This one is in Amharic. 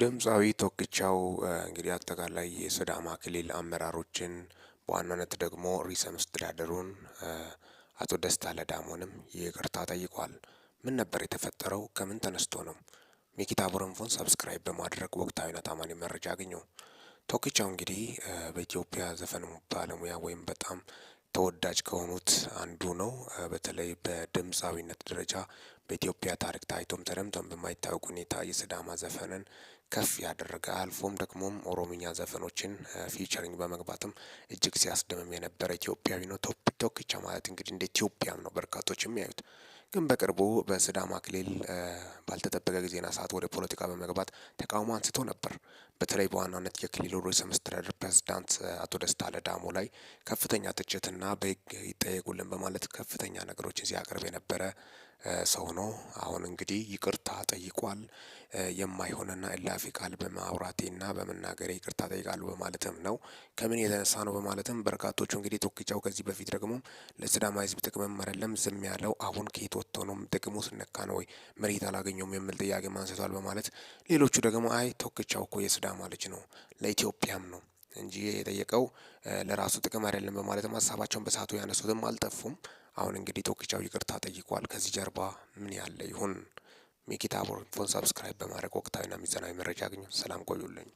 ድምፃዊ ቶክቻው እንግዲህ አጠቃላይ የሲዳማ ክልል አመራሮችን በዋናነት ደግሞ ርዕሰ መስተዳድሩን አቶ ደስታ ለዳሞንም ይቅርታ ጠይቋል። ምን ነበር የተፈጠረው? ከምን ተነስቶ ነው? ሚኪታ ቦረንፎን ሰብስክራይብ በማድረግ ወቅታዊና ታማኝ መረጃ ያገኘው። ቶክቻው እንግዲህ በኢትዮጵያ ዘፈን ባለሙያ ወይም በጣም ተወዳጅ ከሆኑት አንዱ ነው። በተለይ በድምፃዊነት ደረጃ በኢትዮጵያ ታሪክ ታይቶም ተደምቶም በማይታወቅ ሁኔታ የስዳማ ዘፈንን ከፍ ያደረገ አልፎም ደግሞም ኦሮምኛ ዘፈኖችን ፊቸሪንግ በመግባትም እጅግ ሲያስደምም የነበረ ኢትዮጵያዊ ነው። ቶክ ቶክቻ ማለት እንግዲህ እንደ ኢትዮጵያም ነው በርካቶች የሚያዩት። ግን በቅርቡ በስዳማ ክልል ባልተጠበቀ ጊዜና ሰዓት ወደ ፖለቲካ በመግባት ተቃውሞ አንስቶ ነበር። በተለይ በዋናነት የክልሉ ርዕሰ መስተዳድር ፕሬዚዳንት አቶ ደስታ ለዳሞ ላይ ከፍተኛ ትችትና በህግ ይጠየቁልን በማለት ከፍተኛ ነገሮችን ሲያቀርብ የነበረ ሰው ነው። አሁን እንግዲህ ይቅርታ ጠይቋል። የማይሆንና እላፊ ቃል በማውራቴና በመናገሬ ይቅርታ ጠይቃሉ በማለትም ነው ከምን የተነሳ ነው በማለትም በርካቶቹ እንግዲህ ቶክቻው ከዚህ በፊት ደግሞ ለስዳማ ህዝብ ጥቅም አይደለም ዝም ያለው አሁን ከየት ወጥቶ ነው ጥቅሙ ስነካ ነው ወይ መሬት አላገኘውም የሚል ጥያቄ አንስቷል በማለት ሌሎቹ ደግሞ አይ ቶኪቻው እኮ የስዳማ ልጅ ነው ለኢትዮጵያም ነው እንጂ የጠየቀው ለራሱ ጥቅም አይደለም በማለትም ሀሳባቸውን በሰዓቱ ያነሱትም አልጠፉም። አሁን እንግዲህ ቶክቻው ይቅርታ ጠይቋል። ከዚህ ጀርባ ምን ያለ ይሆን? ሚኪታቦር ፎን ሰብስክራይብ በማድረግ ወቅታዊና ሚዛናዊ መረጃ አግኙ። ሰላም ቆዩልኝ።